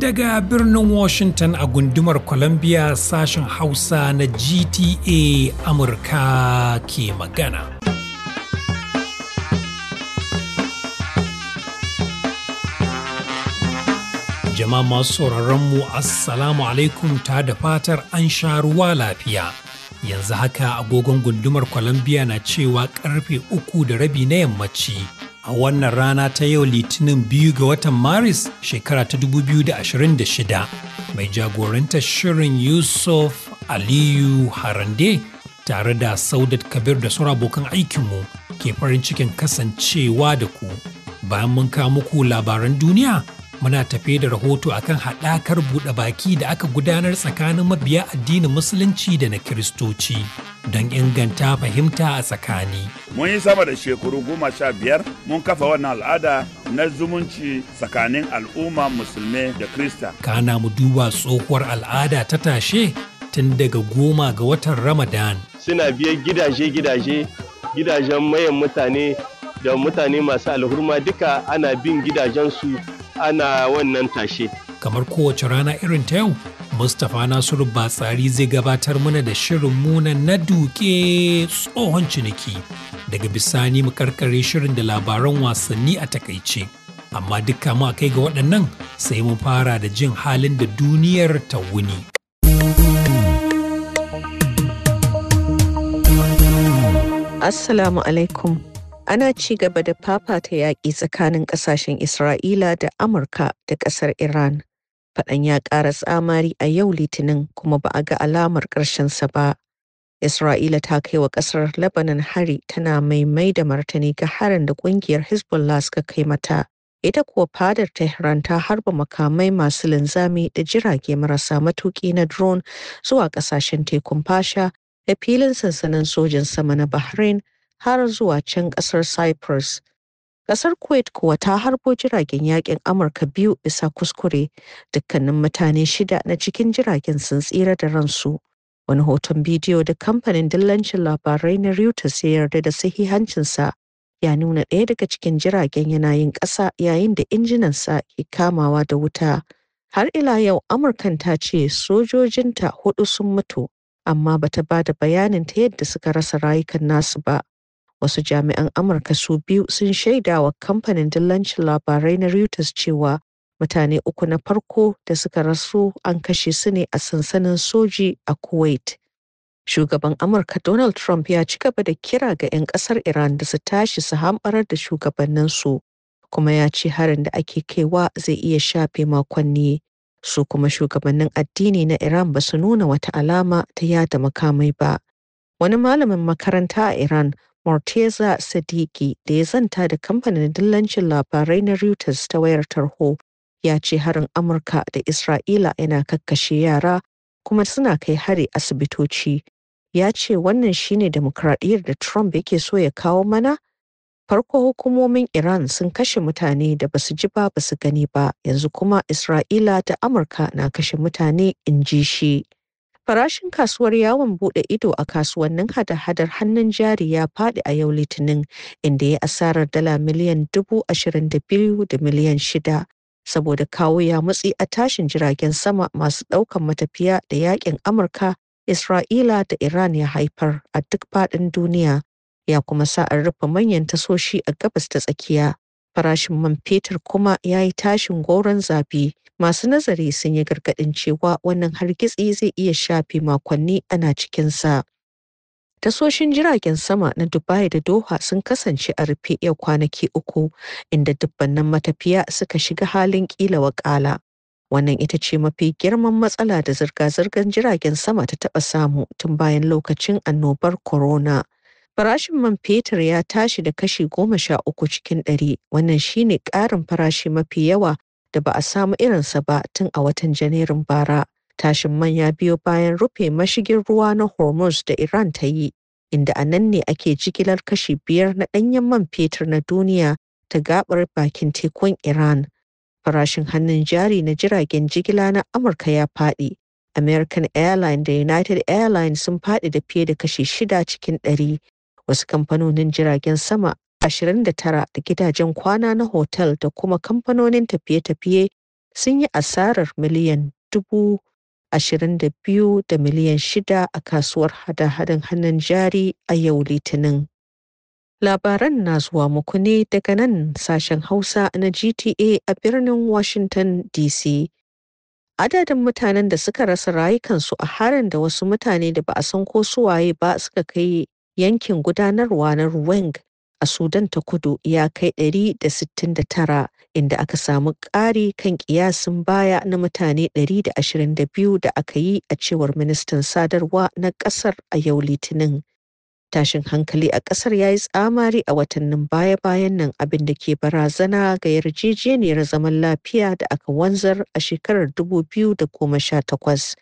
Daga birnin Washington a gundumar Columbia sashen Hausa na GTA Amurka ke magana. Jama'a masu sauraron mu Assalamu alaikum ta da fatar an sha ruwa lafiya. Yanzu haka agogon gundumar Columbia na cewa karfe uku da rabi na yammaci. a wannan rana ta yau litinin biyu ga watan maris shekara ta 2026 mai jagorantar shirin yusuf aliyu harande tare da saudat kabir da sauran abokan aikinmu ke farin cikin kasancewa da ku bayan mun kawo muku labaran duniya muna tafe da rahoto akan haɗakar buɗe baki da aka gudanar tsakanin mabiya addinin musulunci da na kiristoci don inganta fahimta a tsakani. Mun yi sama da shekaru goma sha biyar mun kafa wannan al'ada na zumunci tsakanin al'umma Musulmi da krista. Kana mu duba tsohuwar al'ada ta tashe tun daga goma ga watan Ramadan. Suna biyan gidaje-gidaje, gidajen mayan mutane da mutane masu alhurma duka ana bin gidajensu ana wannan tashe. Kamar kowace rana irin ta yau, Mustapha Nasiru Batsari zai gabatar mana da shirin muna na duke tsohon ciniki. Daga bisani mu karkare shirin da labaran wasanni a takaice. Amma dukka mu kai ga waɗannan sai mu fara da jin halin da duniyar ta wuni. Assalamu alaikum. ana ci gaba da fafata yaƙi tsakanin ƙasashen Isra'ila da Amurka da ƙasar Iran. Faɗan ya ƙara tsamari a yau Litinin kuma ba a ga alamar ƙarshen sa ba. Isra'ila ta kai wa ƙasar Lebanon hari tana maimai da martani ga harin da ƙungiyar Hezbollah suka kai mata. Ita kuwa fadar Tehran ta harba makamai masu linzami da jirage marasa matuƙi na drone zuwa ƙasashen tekun fasha da filin sansanin sojin sama na Bahrain har zuwa can ƙasar Cyprus. Ƙasar Kuwait kuwa ta harbo jiragen yaƙin Amurka biyu isa kuskure, dukkanin mutane shida na cikin jiragen sun tsira da ransu. Wani hoton bidiyo da kamfanin dillancin labarai na Reuters ya yarda da sahihancinsa ya nuna ɗaya daga cikin jiragen yana yin ƙasa yayin da injinansa ke kamawa da wuta. Har ila yau Amurkan ta ce sojojinta hudu sun mutu, amma bata ba da bayanin ta yadda suka rasa rayukan nasu ba. Wasu jami'an Amurka su biyu sun shaida wa kamfanin dillancin labarai na Reuters cewa mutane uku na farko da suka rasu an kashe su ne a sansanin soji a Kuwait. Shugaban Amurka Donald Trump ya ci gaba da kira ga 'yan ƙasar Iran da su tashi su hamɓarar da shugabanninsu, kuma ya ce harin da ake kaiwa zai iya shafe makonni. Su kuma shugabannin addini na Iran ba su nuna wata alama ta yada makamai ba. Wani malamin makaranta a Iran Morteza Sadiki da ya zanta da kamfanin dillancin labarai na Reuters ta wayar tarho ya ce harin Amurka da Isra'ila yana kakkashe yara kuma suna kai hari asibitoci. Ya ce wannan shine demokradiyyar da Trump yake so ya kawo mana? Farko hukumomin Iran sun kashe mutane da ba su ji ba su gani ba, yanzu kuma Isra'ila ta Amurka na kashe mutane in ji shi. Farashin kasuwar yawon buɗe ido a kasuwannin hada-hadar hannun jari ya faɗi a yau Litinin, inda ya asarar dala miliyan dubu ashirin da biyu da miliyan shida saboda kawo ya matsi a tashin jiragen sama masu ɗaukan matafiya da yakin Amurka, Isra'ila da Iran ya haifar a duk faɗin duniya, ya kuma sa an rufe manyan tasoshi a gabas ta tsakiya. Farashin man fetur kuma ya yi tashin goron zafi. Masu nazari sun yi gargaɗin cewa wannan hargitsi zai iya shafe makonni ana cikinsa. Tasoshin jiragen sama na Dubai da Doha sun kasance a rufe yau kwanaki uku, inda dubbannin matafiya suka shiga halin ƙila wakala. Wannan ita ce mafi girman matsala da zirga-zirgar jiragen sama ta taɓa samu tun bayan lokacin annobar corona. Farashin man fetur ya tashi da kashi goma sha uku cikin ɗari, wannan shine ƙarin farashi mafi yawa da ba a samu irinsa ba tun a watan Janairun bara. Tashin man ya biyo bayan rufe mashigin ruwa na Hormuz da Iran ta yi, inda a nan ne ake jigilar kashi biyar na ɗanyen man fetur na duniya ta gabar bakin tekun Iran. Farashin hannun jari na jiragen jigila na Amurka ya faɗi. American Airlines da United Airlines sun faɗi da fiye da kashi shida cikin ɗari. Wasu kamfanonin jiragen sama 29 da gidajen kwana na hotel da kuma kamfanonin tafiye-tafiye sun yi asarar miliyan 22 da miliyan shida a kasuwar hada-hadan hannun jari a yau litinin. Labaran na zuwa muku ne daga nan sashen Hausa na GTA a birnin Washington DC. Adadin mutanen da suka rasa rayukansu a harin da wasu mutane da ba a san ko su waye ba suka kai yankin gudanarwa na Ruweng a Sudan ta kudu ya kai 169 inda aka samu ƙari kan ƙiyasin baya na mutane 122 da aka yi a cewar ministan sadarwa na ƙasar a yau litinin. Tashin hankali a ƙasar ya yi tsamari a watannin baya-bayan nan abin da ke barazana ga yarjejeniyar zaman lafiya da aka wanzar a shekarar 2018.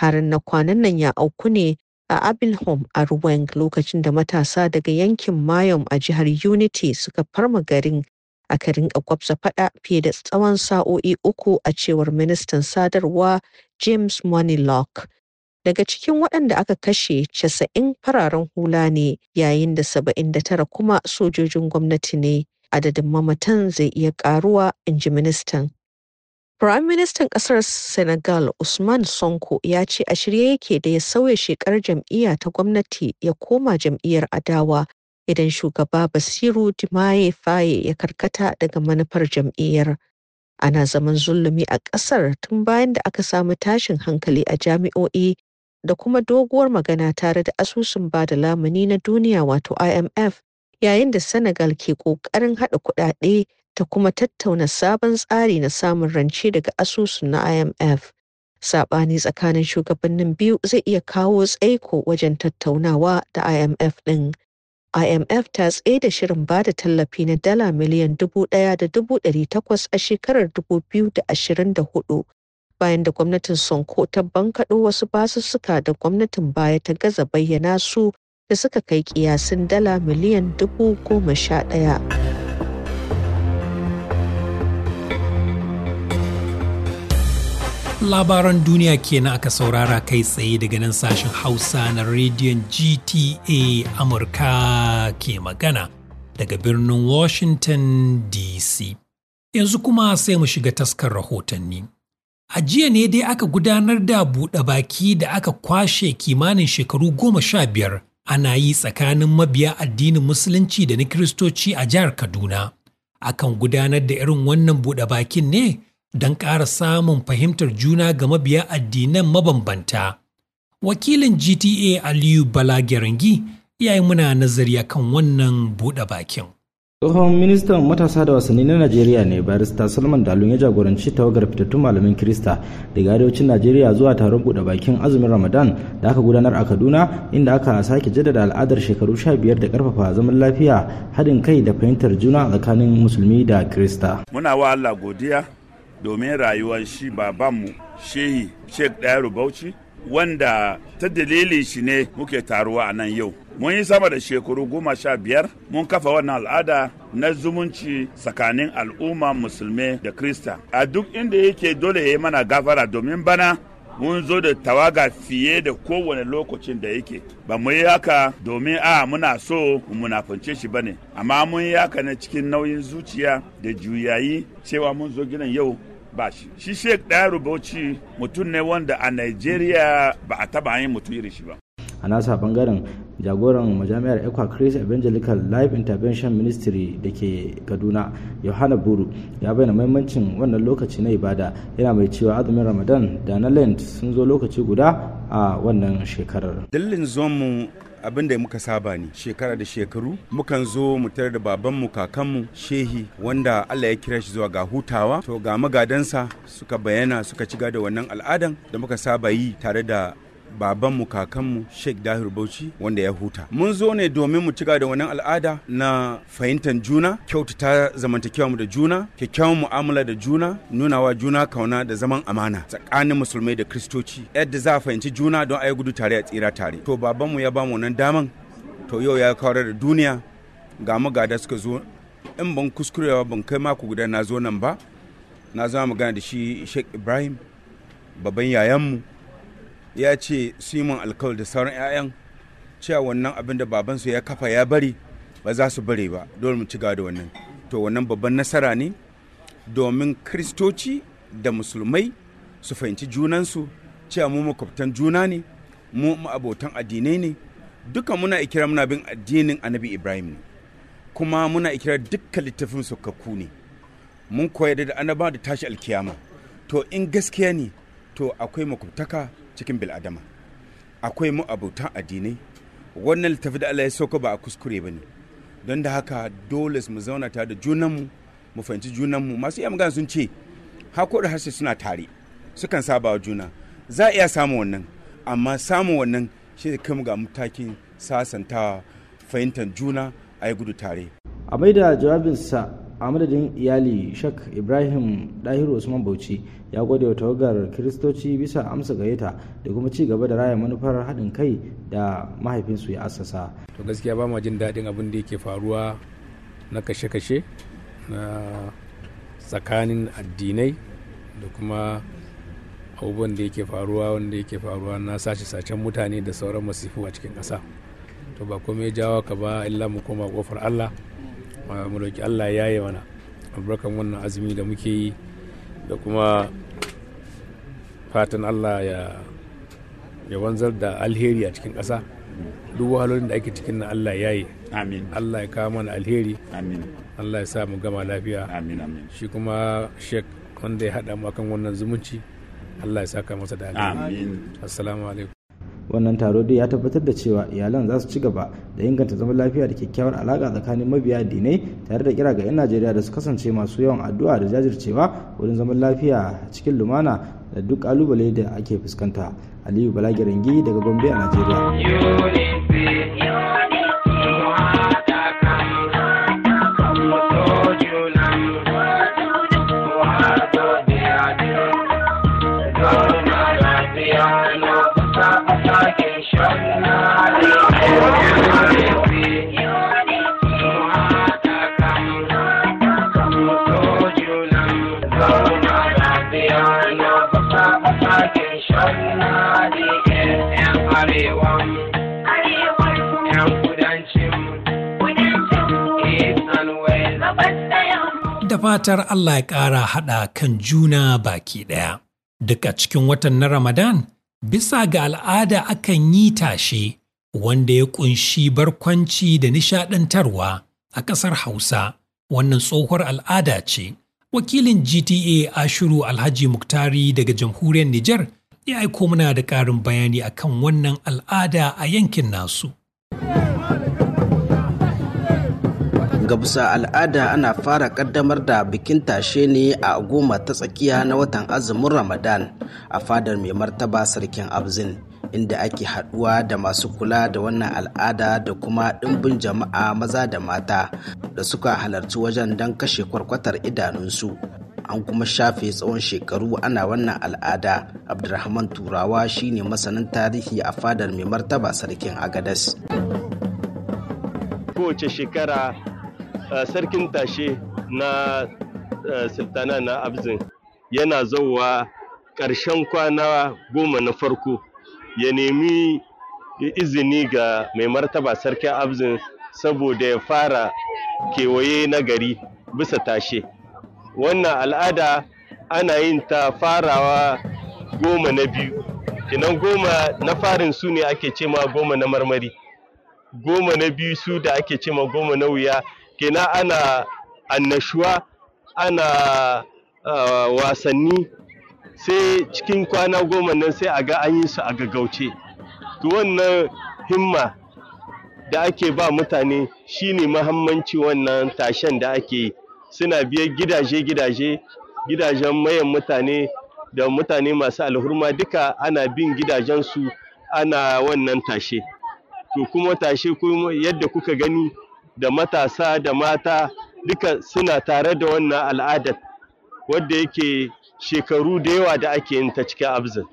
Harin na kwanan nan ya auku ne a Abilholm a Ruweng lokacin da matasa daga yankin Mayom a jihar Unity suka farma garin a rinka gwabsa fada fiye da tsawon sa'o'i uku a cewar ministan sadarwa James Moneylock. Daga cikin waɗanda aka kashe casa'in fararen hula ne yayin da saba'in da tara kuma sojojin gwamnati ne. Adadin mamatan zai iya ƙaruwa, in ji ministan. Prime Ministan ƙasar Senegal Usman Sonko ya ce a shirye yake da ya sauya shekar jam'iyya ta gwamnati ya koma jam'iyyar adawa idan shugaba Basiru Dimaye Faye ya karkata daga manufar jam'iyyar. Ana zaman zulumi a ƙasar tun bayan da aka samu tashin hankali a jami'o'i da kuma doguwar magana tare da asusun ba da lamuni na duniya wato IMF yayin da Senegal ke ƙoƙarin haɗa kuɗaɗe ta kuma tattauna sabon tsari na samun rance daga asusun na IMF. Saɓani tsakanin shugabannin biyu zai iya kawo tsaiko wajen tattaunawa da IMF ɗin. IMF ta tsaye da shirin ba da tallafi na dala miliyan dubu ɗaya da dubu ɗari takwas a shekarar dubu biyu da ashirin da hudu bayan da gwamnatin Sonko ta bankaɗo wasu basussuka da gwamnatin baya ta gaza bayyana su da suka kai kiyasin dala miliyan dubu goma sha ɗaya. labaran duniya kenan aka saurara kai tsaye daga nan sashen hausa na rediyon gta amurka ke magana daga birnin washington dc yanzu kuma sai mu shiga taskar rahotanni a jiya ne dai aka gudanar da buɗe baki da aka kwashe kimanin shekaru goma sha biyar ana yi tsakanin mabiya addinin musulunci da na kiristoci a jihar kaduna akan gudanar da irin wannan buɗe bakin ne don ƙara samun fahimtar juna ga mabiya addinan mabambanta. Wakilin GTA Aliyu Bala gerangi ya yi muna nazari kan wannan buɗe bakin. tsohon ministan matasa da wasanni na najeriya ne barista salman dalun ya jagoranci tawagar fitattun malamin kirista daga arewacin najeriya zuwa taron buɗe bakin azumin ramadan da aka gudanar a kaduna inda aka sake jaddada al'adar shekaru sha biyar da karfafa zaman lafiya haɗin kai da fahimtar juna tsakanin musulmi da kirista muna wa allah godiya domin rayuwar shi babanmu shehi sheik dayaru bauchi wanda ta dalili shi ne muke taruwa a nan yau mun yi sama da shekaru goma sha biyar mun kafa wannan al'ada na zumunci tsakanin al'umma musulmi da krista a duk inda yake dole ya yi mana gafara domin bana mun zo da tawaga fiye da kowane lokacin da yake ba mu yi haka domin a muna so mu munafance shi bane amma mun yi haka na cikin nauyin zuciya da juyayi cewa mun zo ginin yau ba shi shi sheik ɗaya rubauci mutum ne wanda a nigeria ba a taba yin mutum irin shi ba a nasa bangaren jagoran majami'ar ekwa chris evangelical life intervention ministry da ke kaduna yohana buru ya bayyana mahimmancin wannan lokaci na ibada yana mai cewa azumin ramadan da na land sun zo lokaci guda a wannan shekarar. Dillin zuwanmu abin da muka saba ne shekara da shekaru mukan zo mu tare da babanmu kakanmu shehi wanda Allah ya kira shi zuwa ga hutawa to ga magadansa suka bayana suka ci da wannan al'adan da muka saba yi tare da babanmu kakanmu sheikh dahir bauchi wanda ya huta mun zo ne domin mu cika da wannan al'ada na fahimtar juna kyautata zamantakewa mu da juna kyakkyawan mu'amala da juna nunawa juna kauna da zaman amana tsakanin musulmai da kristoci yadda za a fahimci juna don a yi gudu tare a tsira tare to babanmu ya bamu wannan daman to yau ya kawar da duniya ga magada suka zo in ban kuskurewa ban kai mako guda na zo nan ba na zama magana da shi sheikh ibrahim baban mu. ya ce simon alkawar da sauran 'ya'yan cewa wannan abin da babansu ya kafa ya bari ba za su bare ba dole mu ci da wannan to wannan babban nasara ne domin kristoci da musulmai su fahimci junansu cewa mu makwabtan juna ne mu abotan addinai ne duka muna ikira muna bin addinin annabi ibrahim ne kuma muna ikira dukka littafin sokakku ne mun koyar da annaba da tashi alkiyama to in gaskiya ne to akwai makubtaka cikin bil'adama akwai mu abutan addinai wannan littafi da Allah ya sauka ba a kuskure ba ne don da haka dole mu zauna ta da junanmu mu fahimci junanmu masu iya magana sun ce hako da harshe suna tare sukan saba wa juna za a iya samun wannan amma samun wannan shi da kai ga matakin sasantawa fahimtar juna a yi gudu tare a da jawabinsa a madadin iyali shak ibrahim dahiru usman bauchi ya gode wa tawagar kiristoci bisa amsa gayyata da kuma ci gaba da raya manufar haɗin kai da mahaifinsu ya assasa to gaskiya ba ma jin daɗin abin da yake faruwa na kashe-kashe na tsakanin addinai da kuma abubuwan da yake faruwa wanda yake faruwa na sashi sacen mutane da sauran masifu a cikin ƙasa to ba komai jawo ka ba illa mu koma kofar allah mu roki Allah ya yi mana albarkan wannan azumi da muke yi da kuma fatan Allah ya ya wanzar da alheri a cikin ƙasa duk wahalolin da ake cikin na Allah ya yi amin Allah ya kawo mana alheri amin Allah ya sa mu gama lafiya amin amin shi kuma shek wanda ya haɗa mu akan wannan zumunci Allah ya saka masa da alheri amin assalamu alaikum wannan taro dai ya tabbatar da cewa iyalan za su ci gaba da inganta zaman lafiya da kyakkyawar alaƙa tsakanin mabiya addinai tare da kira ga 'yan najeriya da su kasance masu yawan addu'a da jajircewa wurin zaman lafiya cikin lumana da duk kalubale da ake fuskanta aliyu balagirangi daga gombe a najeriya fatar Allah ya ƙara haɗa kan juna baki ɗaya. Duk cikin watan na Ramadan, bisa ga al'ada akan yi tashe wanda ya ƙunshi barkwanci da nishaɗantarwa a ƙasar Hausa, wannan tsohuwar al'ada ce. Wakilin GTA Ashuru Alhaji Muktari daga jamhuriyar Nijar ya aiko muna da ƙarin bayani akan wannan al'ada a yankin nasu. ga bisa al'ada ana fara kaddamar da bikin tashe ne a goma ta tsakiya na watan azumin Ramadan a fadar mai martaba sarkin Abzin inda ake haɗuwa da masu kula da wannan al'ada da kuma ɗimbin jama'a maza da mata da suka halarci wajen don kashe kwarkwatar idanunsu. an kuma shafe tsawon shekaru ana wannan al'ada abdulrahman turawa shine masanin tarihi a fadar mai martaba sarkin agadas kowace shekara Eh, sarkin tashe na eh, sultana na abzin yana zauwa ƙarshen kwana goma na farko ya nemi izini ga mai martaba sarkin abzin saboda ya fara kewaye na gari bisa tashe wannan al'ada ana yin ta farawa goma na biyu inan goma na farin su ne ake cema goma na marmari goma na biyu su da ake cema goma na wuya kenan ana annashuwa ana ah, wasanni sai cikin kwana goma nan sai a ga an yi su a gaggauce to wannan himma da ake ba mutane shi ne mahimmanci wannan tashen da ake yi suna biyar gidaje-gidaje gidajen mayan mutane da mutane masu alhurma duka ana bin gidajensu ana wannan tashe to kuma tashe yadda kuka gani da matasa da mata duka suna tare da wannan al'adar wadda yake shekaru da yawa da ake yin ta cikin abzin.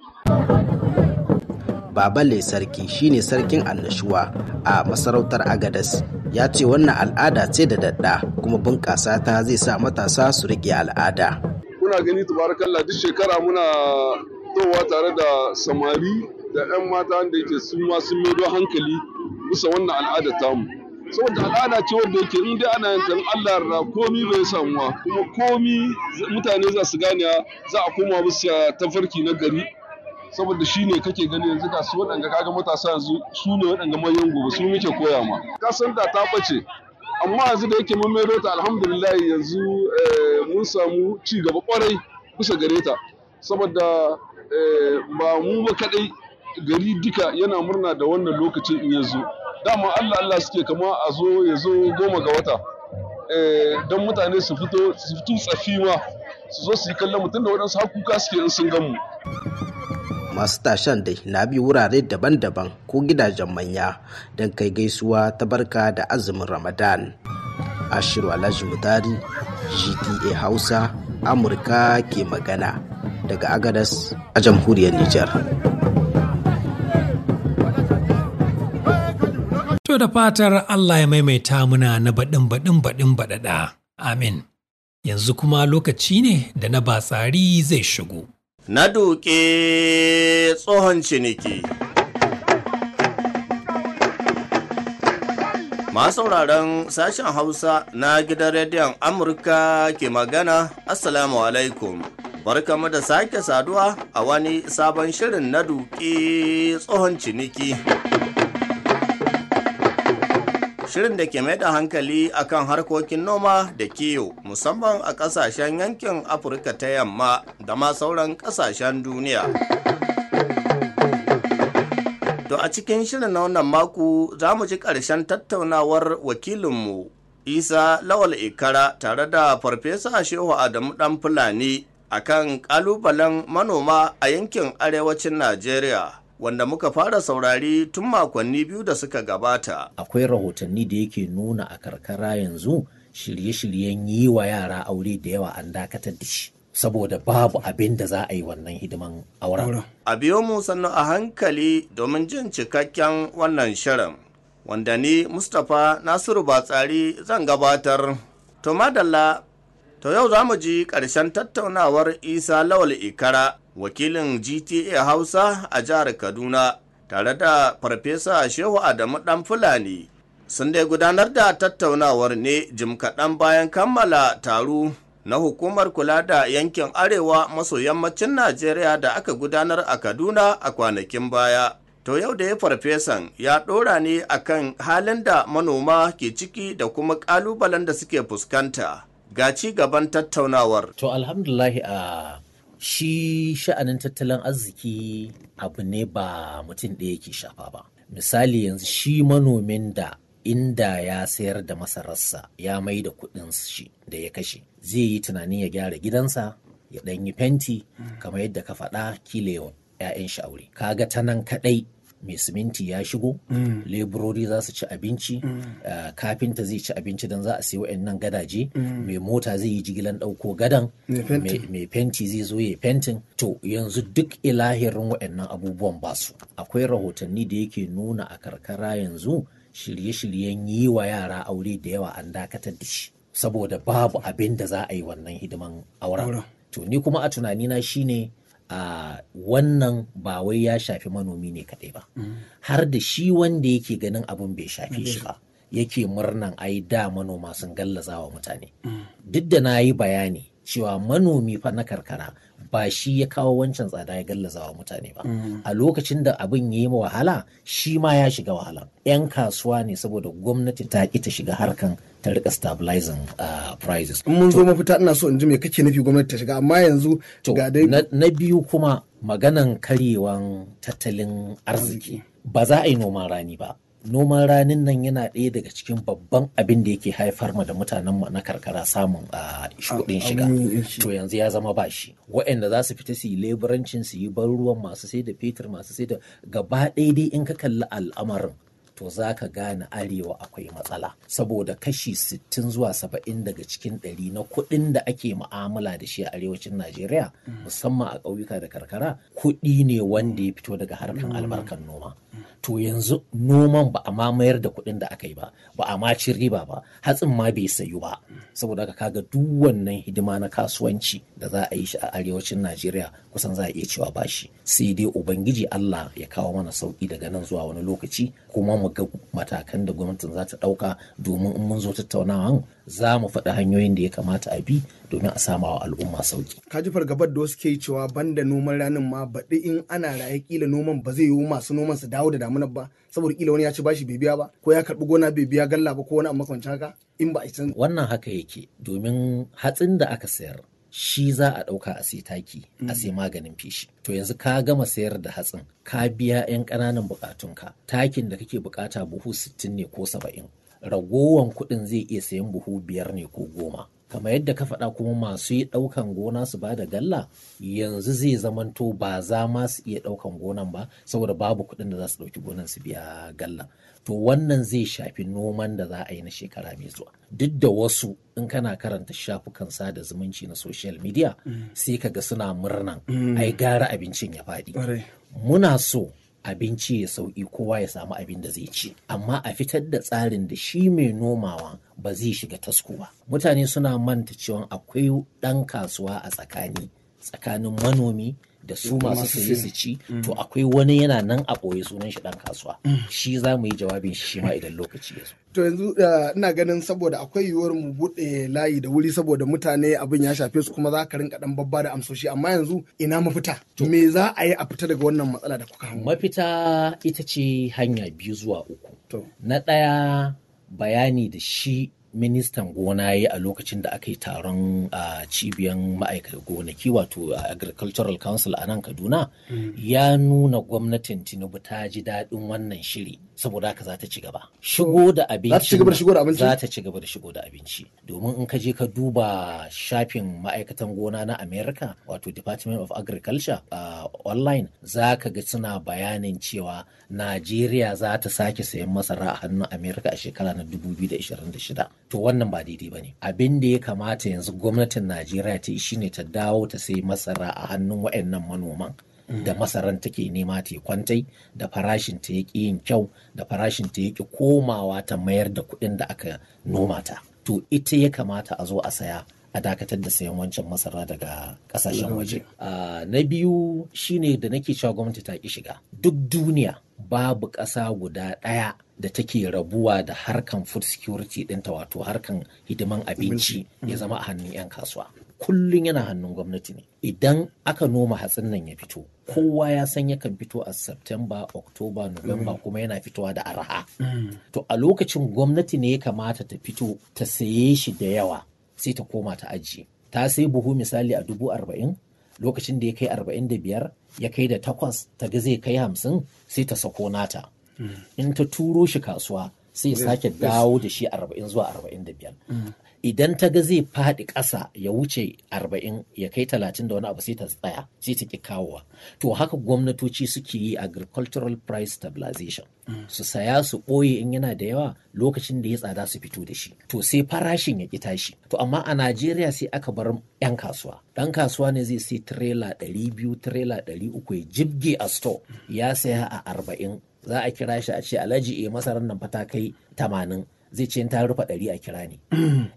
Babale sarki shine sarkin annashuwa a masarautar Agadas ya ce wannan al'ada ce da dadda kuma bunƙasa ta zai sa matasa su riƙe al'ada. Kuna gani tubarakallah duk shekara muna towa tare da samari da 'yan mata da yake sun ma sun hankali bisa wannan al'ada tamu. saboda al'ada ce wanda yake in dai ana yin Allah ra komi bai samuwa kuma komi mutane za su gane za a koma musu tafarki na gari saboda shi ne kake gani yanzu ga su waɗanda kaga matasa yanzu su ne waɗanda manyan gobe su muke koya ma kasan da ta ɓace amma yanzu da yake mun maido ta alhamdulillah yanzu eh, mun samu ci gaba kwarai kusa gare ta saboda eh, ba mu ba kaɗai gari duka yana murna da wannan lokacin in ya zo dama Allah Allah suke kama a zo ya zo goma ga wata eh, don mutane su fito su fito tsafi ma su zo su yi kallon mutum da waɗansu hakuka suke in sun gamu. masu tashan dai na bi wurare daban-daban ko gidajen manya don kai gaisuwa ta barka da azumin ramadan ashiru alhaji mutari gta hausa amurka ke magana daga agadas a jamhuriyar nijar To da fatar Allah ya maimaita muna na baɗin baɗin baɗin baɗaɗa. Amin. Yanzu kuma lokaci ne da na ba batsari zai shigo. Na duƙe tsohon ciniki. Masu sauraron sashen Hausa na gidan rediyon Amurka ke magana, Assalamu alaikum. Barkamu da sake saduwa a wani sabon shirin na duƙe tsohon ciniki. shirin da ke mai da hankali akan harkokin noma da kiyo musamman a kasashen yankin afirka ta yamma da ma sauran kasashen duniya to a cikin shirin na wannan mako za mu ji ƙarshen tattaunawar wakilinmu isa lawal ikara tare da farfesa shehu adamu dan fulani akan kalubalen manoma a yankin arewacin najeriya wanda muka fara saurari tun makonni biyu da suka gabata. Akwai rahotanni da yake nuna a karkara yanzu shirye-shiryen yi wa yara aure da yawa an dakatar da shi. Saboda babu abin da za a yi wannan hidiman auren. A biyo mu sannu a hankali domin jin cikakken wannan shirin, wanda ni Mustapha Nasiru Batsari zan gabatar. To madalla, to yau za mu ji ƙarshen tattaunawar Isa Lawal Ikara wakilin gta hausa a jihar kaduna tare da farfesa shehu adamu dan fulani sun dai gudanar da tattaunawar ne jim kaɗan bayan kammala taro na hukumar kula da yankin arewa maso yammacin najeriya da aka gudanar a kaduna a kwanakin baya to yau da ya farfesan ya ɗora ne akan halin da manoma ke ciki da kuma ƙalubalen da suke fuskanta ga ci gaban tattaunawar to alhamdulahi a ah, shi sha'anin tattalin arziki abu ne ba mutum ɗaya ke shafa ba misali yanzu shi manomin da inda ya sayar da masararsa ya mai da kuɗin shi da ya kashe zai yi tunanin ya gyara gidansa ya ɗanyi fenti hmm. kamar yadda ka faɗa kila 'ya'yan shi aure ga ta nan kaɗai mai siminti ya shigo mm. leburori za su ci abinci mm. ah, kafinta zai ci abinci don za a sayi wa'annan gadaje mm. mai mota zai yi jigilan ɗauko gadan mai fenti zai zo ya fentin to yanzu duk ilahirin wa'annan abubuwan ba su akwai rahotanni da yake nuna a karkara yanzu shirye-shiryen yi wa yara aure da yawa an dakatar da shi saboda babu abin da za a yi wannan hidiman auren to ni kuma a tunanina shine a wannan ba wai ya shafi manomi ne kaɗai ba mm. har da shi wanda yake ganin abin bai shafi shi ba yake murnan ai da manoma sun gallazawa mutane mm. duk da na yi bayani cewa manomi fa na karkara ba shi ya kawo wancan tsada ya gallaza wa mutane ba mm. a lokacin da abin ya yi ma wahala shi ma ya shiga wahala 'yan kasuwa ne saboda gwamnati ta ƙi ta shiga harkan ta rika stabilizing ah, prices. prices mun zo mafita ina so in ji me kake nufi gwamnati ta shiga amma yanzu ga dai na biyu kuma maganan karyewan tattalin arziki ba za a yi noman rani ba noman ranin nan yana ɗaya daga cikin babban abin da yake haifar ma da mutanen mu na karkara samun a ah, ah, kuɗin ah, shiga to yanzu ya zama ba shi waɗanda za su fita su yi leburancin su yi ban ruwan masu sai da fetur masu sai da gaba ɗaya dai in ka kalli al'amarin to za ka gane arewa akwai matsala saboda kashi 60 zuwa 70 daga cikin 100 na kuɗin da ake mu'amala da shi a arewacin najeriya mm. musamman a ƙauyuka da karkara kuɗi ne wanda ya fito daga harkar mm. albarkar noma mm. to yanzu noman ba a mamayar da kuɗin da aka yi ba ba a ma ci riba ba hatsin ma bai sayu ba saboda haka kaga duk wannan hidima na kasuwanci da za a yi shi a arewacin Najeriya kusan za a iya cewa ba shi sai dai ubangiji Allah ya kawo mana sauki daga nan zuwa wani lokaci kuma mu ga matakan da gwamnatin za ta dauka domin in mun zo tattaunawa za mu faɗi hanyoyin da ya kamata a bi domin a samawa wa al'umma sauki. ka ji fargabar da wasu ke cewa banda noman ranin ma baɗi in ana raye kila noman ba zai yiwu masu noman su dawo da damunar ba saboda kila wani ya ci bashi bai biya ba ko ya karɓi gona bai galla ba ko wani amma haka. in ba san wannan haka yake domin hatsin da aka sayar shi za a ɗauka a sai taki a sai maganin feshi to yanzu ka gama sayar da hatsin ka biya 'yan ƙananan buƙatunka takin da kake bukata buhu sittin ne ko saba'in ragowan kuɗin zai iya sayan buhu biyar ne ko goma kamar yadda ka faɗa kuma masu yi ɗaukan gona su ba da galla yanzu zai zamanto ba za ma su iya ɗaukan gonan ba saboda babu kuɗin da za su ɗauki gonan su biya galla to wannan zai shafi noman da za a yi na shekara mai zuwa duk da wasu in kana karanta shafukan sada zumunci na social media mm. sai ka ga suna murnan mm. ai gara abincin ya faɗi muna so abinci ya sauki kowa ya samu abin da zai ci amma a fitar da tsarin da shi mai nomawa ba zai shiga tasko ba mutane suna manta cewa akwai ɗan kasuwa a tsakani tsakanin manomi da su masu saye su ci mm. to akwai wani yana nan a ɓoye sunan shi ɗan kasuwa mm. shi za mu yi jawabin shi ma idan lokaci ya zo. to yanzu eh, ina ganin saboda akwai yiwuwar mu buɗe layi da wuri saboda mutane abin ya shafe su kuma za ka rinka ɗan babba da amsoshi amma yanzu ina mafita me za a yi a fita daga wannan matsala da kuka hango. mafita ita ce hanya biyu zuwa uku. na ɗaya bayani da shi ministan gona ya yi a lokacin da aka yi taron a cibiyan ma'aikatan gonaki wato agricultural council a nan kaduna mm. ya nuna gwamnatin tinubu ta ji daɗin wannan shiri saboda haka za ta ci gaba shigo da abinci za ta ci gaba da shigo da abinci domin in ka je ka duba shafin ma'aikatan gona na america wato department of agriculture online za ka ga suna bayanin cewa Najeriya za ta sake sayan masara a hannun Amerika a shekara na 2026. To wannan ba daidai ba ne. Abin da ya kamata yanzu gwamnatin Najeriya ta yi shine ta dawo ta sayi masara a hannun waɗannan manoman. da masaran take nema ta kwantai da farashin ta ya yin kyau da farashin ta ya komawa ta mayar da kuɗin da aka noma ta to ita ya kamata a zo a saya a dakatar da sayan wancan masara daga kasashen waje. Ah, na biyu shine da nake cewa gwamnati ta ki shiga duk duniya babu ƙasa guda ɗaya da take rabuwa da harkan food security ɗinta wato harkan hidiman abinci ya mm. zama a hannun 'yan kasuwa kullum yana hannun gwamnati ne idan aka noma hatsin nan ya fito kowa ya san yakan fito a Septemba, Oktoba, Nuwamba mm. kuma yana fitowa da araha mm. To a lokacin gwamnati ne ya kamata ta fito ta saye shi da yawa sai ta koma ta ajiye. Ta sai buhu misali a dubu arba'in lokacin da ya kai arba'in da biyar ya kai da takwas ta ga zai kai hamsin sai ta sako nata mm. in ta turo shi kasuwa sai ya sake dawo da shi arba'in zuwa arba'in da biyar mm. idan ta ga zai faɗi ƙasa ya wuce arba'in ya kai talatin da wani abu sai ta tsaya sai ta ƙi kawowa to haka gwamnatoci suke yi agricultural price stabilization mm. su saya su ɓoye in yana da yawa lokacin da ya tsada su fito da shi to sai farashin ya ƙita tashi to amma a najeriya sai aka bar 'yan kasuwa ɗan kasuwa ne zai sai tirela ɗari biyu tirela ɗari uku ya jibge a store ya saya a arba'in za a kira shi a ce alhaji e masarar nan fa ta kai tamanin zai ce in ta rufa ɗari a kira ne.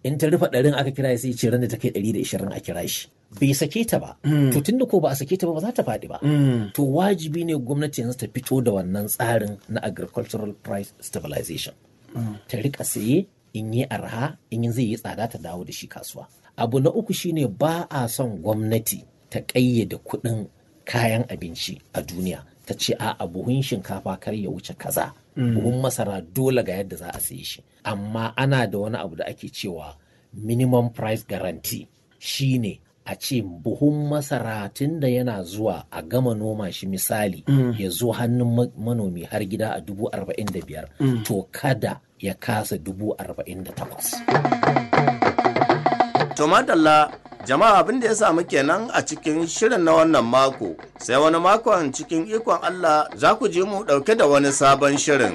in ta rufe ɗarin aka kira sai ce ran da ta kai ɗari da ishirin a kira shi bai sake ta ba to da ko ba a sake ta ba ba za ta faɗi ba to wajibi ne gwamnati yanzu ta fito da wannan tsarin na agricultural price stabilization ta rika saye in yi arha in zai yi tsada ta dawo da shi kasuwa abu na uku shine ba a son gwamnati ta ƙayyade kuɗin kayan abinci a duniya ta ce a buhun shinkafa kar ya wuce kaza buhun masara dole ga yadda za a sayi shi amma ana da wani abu da ake cewa minimum price guarantee shine a ce buhun masara tun da yana zuwa a gama noma shi misali mm. ya zo hannun manomi har gida a dubu arba'in da biyar mm. to kada ya kasa dubu arba'in da takwas. to madalla jama'a abin da ya samu kenan a cikin shirin na wannan mako sai wani makon cikin ikon allah za ku ji mu dauke da wani sabon shirin.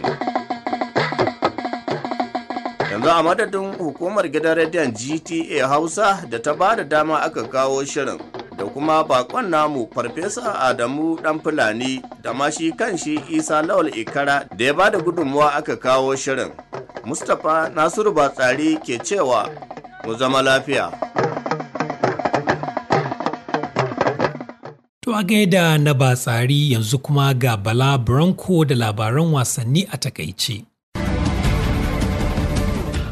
yanzu a madadin hukumar gidan rediyon gta hausa da ta ba da dama aka kawo shirin da kuma bakon namu farfesa adamu dan fulani da ma shi kan shi isa lawal ikara da ya ba da gudunmuwa aka kawo shirin mustapha nasiru batsari ke cewa mu zama lafiya to gaida na batsari yanzu kuma ga bala bronco da labaran wasanni a takaice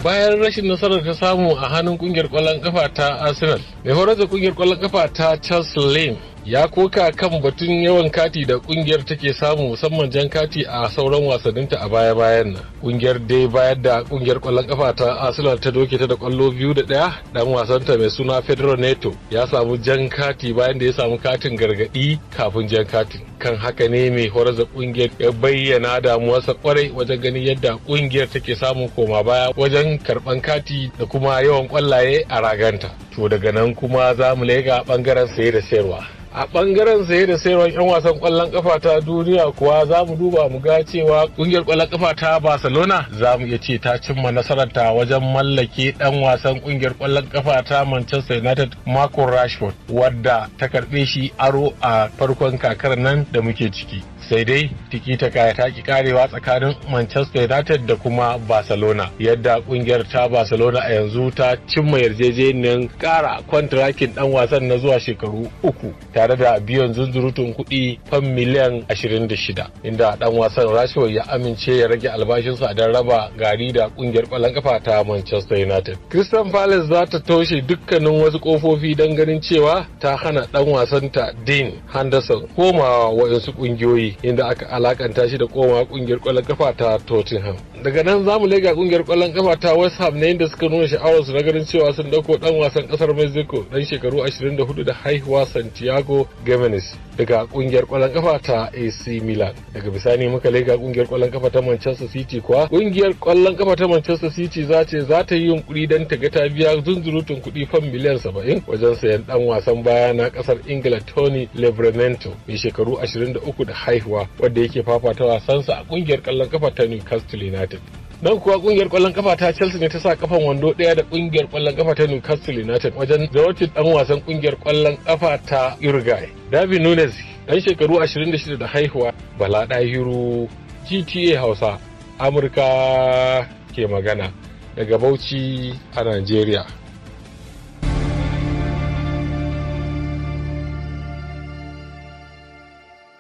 bayan rashin nasarar ta samu a hannun kungiyar kwallon kafa ta arsenal mai horar da kungiyar kwallon kafa ta charles lane ya koka kan batun yawan kati da kungiyar take samu musamman jan kati a sauran wasanninta a baya-bayan nan kungiyar dai bayar da kungiyar kwallon kafa ta arsenal ta doke ta da kwallo biyu da daya dan wasanta mai suna fedro neto ya samu jan kati bayan da ya samu katin gargadi kafin jan katin kan haka ne mai horar da kungiyar ya bayyana damuwarsa kwarai wajen ganin yadda kungiyar take samu koma baya wajen karban kati da kuma yawan kwallaye a raganta to daga nan kuma za mu lega bangaren saye da sayarwa a bangaren saye da sayarwar 'yan wasan kwallon kafa ta duniya kuwa za mu duba mu ga cewa kungiyar kwallon kafa ta barcelona za mu iya ce ta cimma nasarar ta wajen mallake dan wasan kungiyar kwallon kafa ta manchester united marco rashford wadda ta karbe shi aro a farkon kakar nan da muke ciki sai dai tiki ta kaya ta ki karewa tsakanin manchester united da kuma barcelona yadda kungiyar ta barcelona a yanzu ta cimma yarjejeniyar kara kwantrakin dan wasan na zuwa shekaru uku ta tare da biyan zunzurutun kuɗi fan miliyan 26 inda dan wasan rashford ya amince ya rage albashinsa don raba gari da kungiyar ƙwallon kafa ta manchester united crystal palace za ta toshe dukkanin wasu kofofi don ganin cewa ta hana dan wasanta dean henderson komawa waɗansu ƙungiyoyi inda aka alakanta shi da komawa ƙungiyar ƙwallon kafa ta tottenham daga nan za mu lega ƙungiyar ƙwallon kafa ta west ham ne inda suka nuna sha'awarsu na ganin cewa sun dauko dan wasan kasar mexico dan shekaru 24 da haihuwa santiago Diego Gimenez daga kungiyar kwallon kafa ta AC Milan. Daga bisani muka lega kungiyar kwallon kafa ta Manchester City kuwa kungiyar kwallon kafa ta Manchester City za ce za ta yi yunkuri don ta ga ta biya zunzurutun kuɗi fan miliyan 70 wajen sayan dan wasan baya na kasar Ingila Tony Livramento mai shekaru 23 da haihuwa wanda yake fafata wasansa a kungiyar kwallon kafa ta Newcastle United. dan kuwa kungiyar kwallon kafa ta Chelsea ne ta sa kafan wando daya da kungiyar kwallon kafa ta Newcastle United wajen zawarci dan wasan kungiyar kwallon kafa ta Uruguay David Nunes dan shekaru 26 da haihuwa Bala Dahiru GTA Hausa Amurka ke magana daga Bauchi a Najeriya.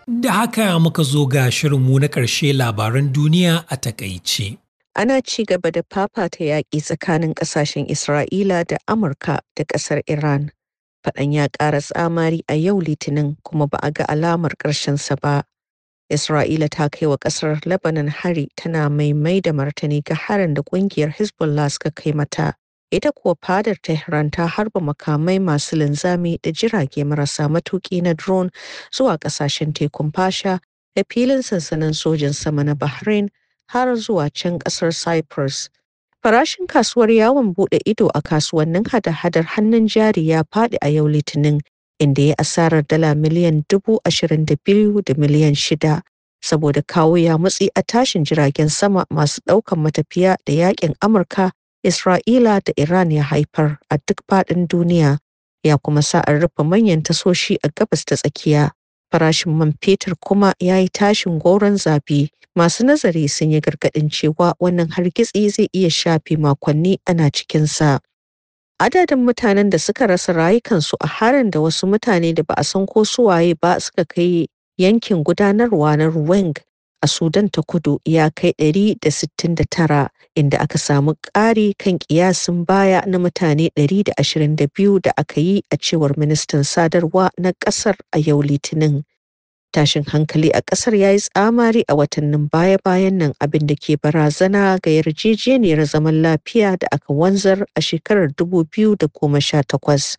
Da haka muka zo ga shirinmu na ƙarshe labaran duniya a takaice. ana ci gaba da fafata yaƙi tsakanin ƙasashen Isra'ila da Amurka da ƙasar Iran. Faɗan ya ƙara tsamari a yau Litinin kuma ba a ga alamar sa ba. Isra'ila ta kai wa ƙasar Lebanon hari tana maimai da martani ga harin da ƙungiyar Hezbollah suka kai mata. Ita kuwa fadar Tehran ta harba makamai masu linzami da jirage marasa matuƙi na drone zuwa ƙasashen tekun fasha da filin sansanin sojin sama na Bahrain har zuwa can ƙasar Cyprus. Farashin kasuwar yawon buɗe ido a kasuwannin hada-hadar hannun jari ya faɗi a yau Litinin, inda ya asarar dala miliyan dubu ashirin da biyu da miliyan shida. Saboda kawo ya matsi a tashin jiragen sama masu ɗaukan matafiya da yaƙin Amurka, Isra'ila da Iran ya haifar a duk faɗin duniya, ya kuma sa an rufe manyan tasoshi a gabas ta tsakiya. Farashin man fetur kuma ya yi tashin goron zabi. Masu nazari sun yi gargaɗin cewa wannan hargitsi zai iya shafe makonni ana cikinsa. Adadin mutanen da suka rasa rayukansu a harin da wasu mutane da ba a san ko su waye ba suka kai yankin gudanarwa na Ruweng a Sudan ta kudu ya kai 169 inda aka samu ƙari kan ƙiyasin baya na mutane 122 da aka yi a cewar ministan sadarwa na ƙasar a yau litinin. Tashin hankali a ƙasar ya yi tsamari a watannin baya-bayan nan abin da ke barazana ga yarjejeniyar zaman lafiya da aka wanzar a shekarar 2018.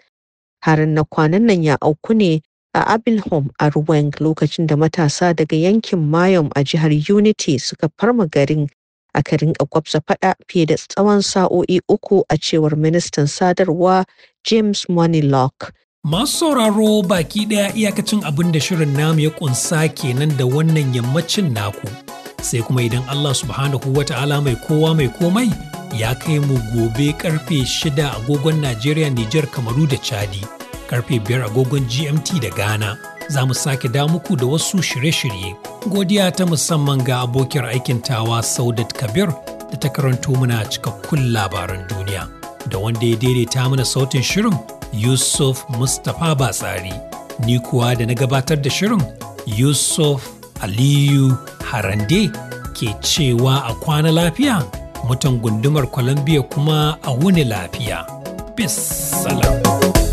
Harin na kwanan nan ya auku ne a Abilholm a Ruweng lokacin da matasa daga yankin Mayom a jihar Unity suka farma garin aka rinka gwabza faɗa fiye da tsawon sa'o'i uku a cewar ministan sadarwa James Moneylock. Masu sauraro baki ɗaya iyakacin abin da shirin namu ya ƙunsa kenan da wannan yammacin naku. Sai kuma idan Allah subhanahu wa ta'ala mai kowa mai komai ya kai mu gobe karfe shida agogon Najeriya, Nijar, Kamaru da Chadi, karfe biyar agogon GMT da Ghana. za mu sake da muku da wasu shirye-shirye. Godiya ta musamman ga abokiyar aikin tawa Saudat Kabir da ta karanto muna cikakkun labaran duniya. Da wanda ya daidaita mana sautin shirin Yusuf Mustapha Batsari. Ni kuwa da na gabatar da shirin Yusuf Aliyu Harande ke cewa a kwana lafiya, mutan gundumar Columbia kuma a wuni lafiya. Peace. salam.